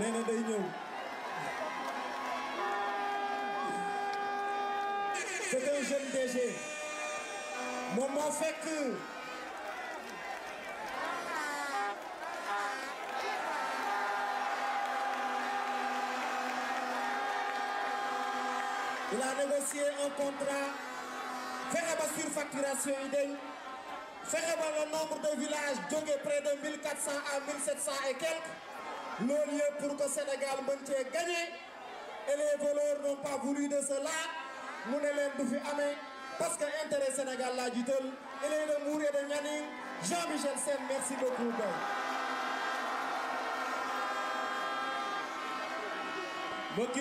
nee na day ñëw c'est un jeune DG moom moo fekk il a négocié un contrat fexe ba surfacturation yi dañ fexe le nombre de villages jóge près de 1400 à et quelques loolu yëpp pour que Sénégal mën cee gagné et les voleurs n'ont pas voulu de cela mu ne leen du fi amee parce que intérêt Sénégal laa jiital il est de Mbour Jean-Michel Sène merci beaucoup mbokki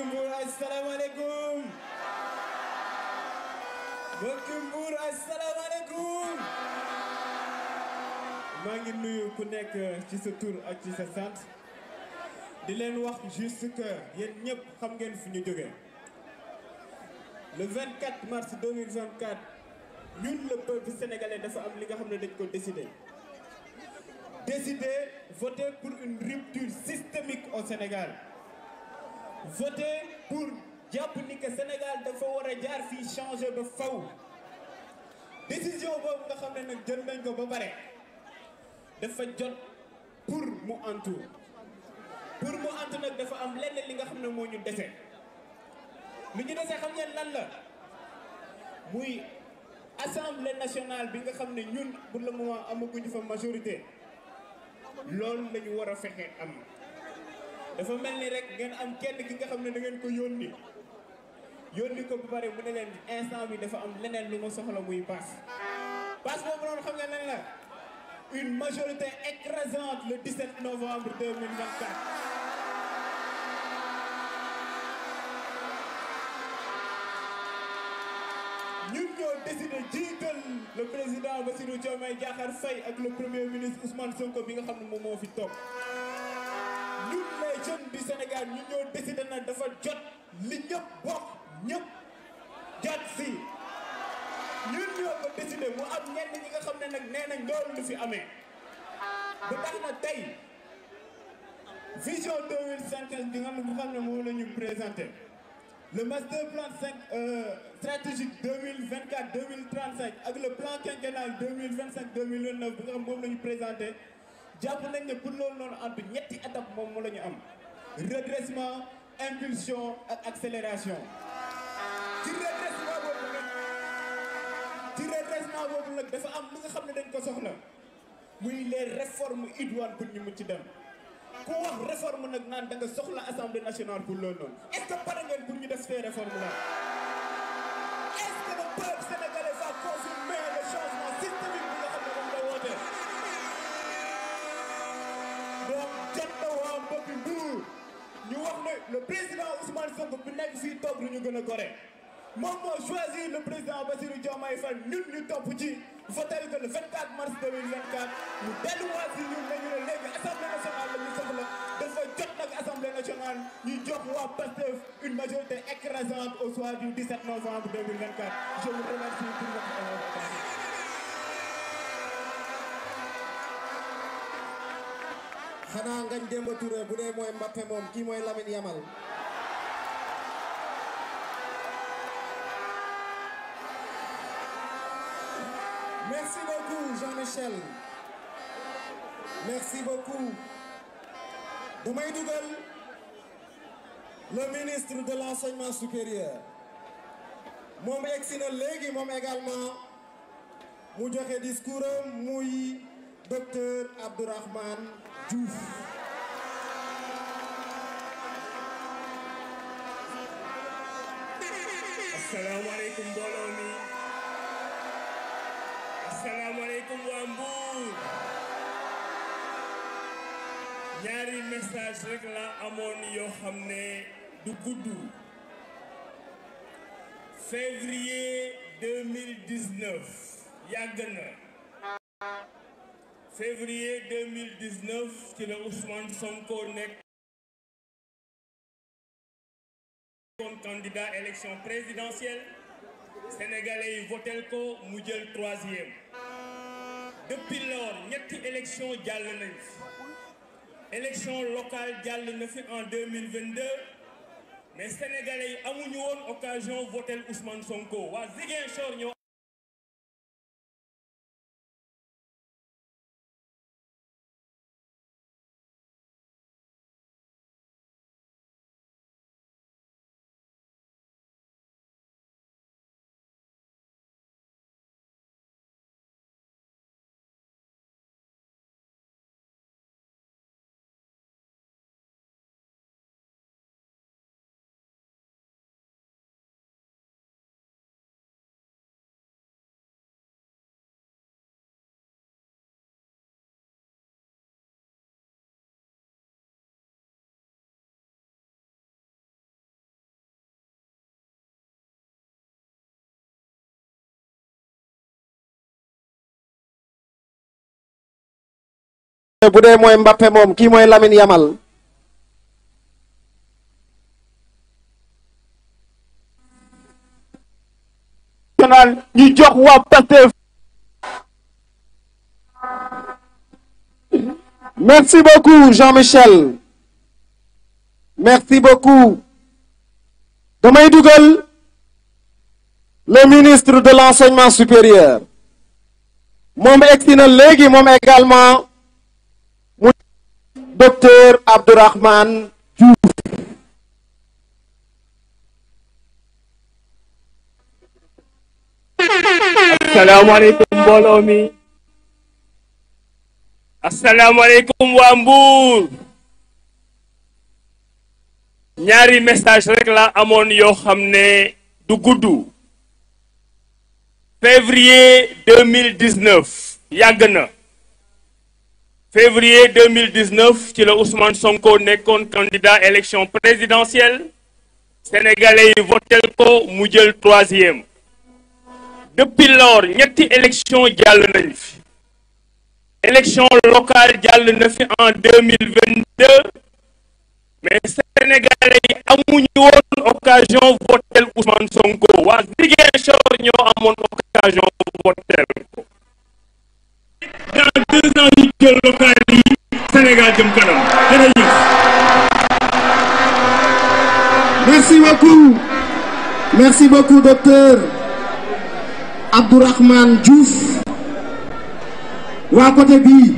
maa ngi nuyu ku nekk ci sa tur ak ci sa sant di leen wax juste que yéen ñëpp xam ngeen fu ñu jógee le 24 mars 2024 ñun le peuple sénégalais dafa am li nga xam ne dañ ko décider décider voter pour une rupture systémique au Sénégal voter pour jàpp ni que Sénégal dafa war a jaar fii changer ba faw décision boobu nga xam ne nag jël nañ ko ba pare dafa jot pour mu entour pour mu ànd dafa am leneen li nga xam ne moo ñu dese lu ñu dese xam ngeen lan la muy assemblée nationale bi nga xam ne ñun pour le moment amaguñu fa majorité loolu lañu war a fexe am dafa mel ni rek ngeen am kenn ki nga xam ne da ngeen ko yónni yónni ko bu bare mu ne leen instant bi dafa am leneen lu ma soxla muy passe passe boobu noonu xam nga lan la une majorité écrasante le 17 novembre 2024 ñun ñoo décidé jiital le président Bassirou Diomaye Diakhar Faye ak le premier ministre Ousmane Sonko bi nga xam ne moom moo fi toog ñun les jeunes du Sénégal ñun ñoo décidé na dafa jot li ñëpp bokk ñëpp jot si ñun ñoo ko décidé mu am ñenn ñi nga xam ne nag nee nañ loolu lu fi amee ba tax na tey vision 2050 bi nga xam ne moom la ñu présenté. le master plan euh, stratégique 2024 2035 ak le plan quinquennal 2025 2029 bu nga xam moom la ñu présenté jàpp nañ ne pour loolu noonu antu ñetti étape moom moo la ñu am redressement impulsion ak accélération ci redressement boobu nag ci redressement boobu nag dafa am lu nga xam ne dañ ko soxla muy les réformes idoines pour ñu ci dem ku wax réforme nag naan da nga soxla assemblée nationale pour loolu est ce que pour ñu def ces réformes là. est ce que le peuple sénégalais va changement systémique bi nga xam ne moom woote. donc jot na waa mbokk Mbour ñu wax ne le président Ousmane Sonko bi nekk fii toog lu ñu gën a gore. moom moo choisir le président Bassirou Diomaye Faye ñun topp ci voté que le 24 mars 2024 ñu delluwaat si ñun dañu ne léegi assemblée nationale. nationale ñu jox waa PASTEF une majorité écrasante au soir du 17 novembre 2024 je vous remercie pour votre attention. xanaa ngañ Demba mooy Mbappé moom kii mooy Lamine Yamal. merci beaucoup Jean-Michel merci beaucoup damay dugal le ministre de l'enseignement supérieur moom egsi na léegi moom également mu joxe discours am muy docteur Abdourahmane Diouf asalaamaaleykum mbooloo mi asalaamaaleykum waa Mbour message rek amoon yoo du gudd février 2019 yàgg na février 2019 ci la Ousmane Sonko nekk son candidat élection présidentielle sénégalais yi votel ko mu jël troisième depuis lors ñetti élection jàll nañ fi élection locale jàll na mille vingt 2022 mais sénégalais amuñu woon occasion votel Ousmane Sonko waa Ziguinchor ñoo bu dee mooy Mbappé moom kii mooy Lamine Yamal national ñu jox waa Pastef merci beaucoup Jean-Michel merci beaucoup damay dugal le ministre de l'enseignement supérieur moom egsi na léegi moom également docteur Abdourahmane Diouf asalaamaaleykum mbooloo mi asalaamaaleykum waa Mbour ñaari message rek la amoon yoo xam ne du gudd février 2019 yàgg na février 2019 ci la Ousmane Sonko nekkoon candidat élection présidentielle sénégalais yi votel ko mu jël troisième depuis lors ñetti élection jàll nañ fi élection locale jàll en 2022 mais sénégalais yi amuñu woon occasion votel Ousmane Sonko waa Ziguinchor ñoo amoon occasion votel jël local yi Sénégal jëm kanam waa côté bii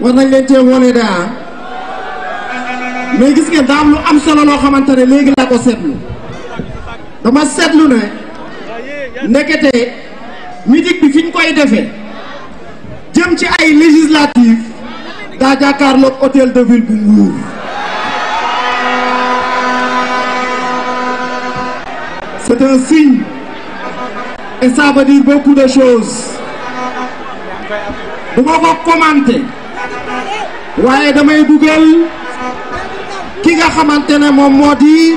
war nañ leen cee wone gis ngeen daam lu am solo loo xamante ne léegi laa ko seetlu dama seetlu ne ndekete musique bi fi ñu koy defee jëm ci ay législative daa jàkkaarloog hôtel de ville bu Mbour c'est un signe et ça veut dire beaucoup de choses du ma ko commenter waaye damay dugal ki nga xamante ne moom moo di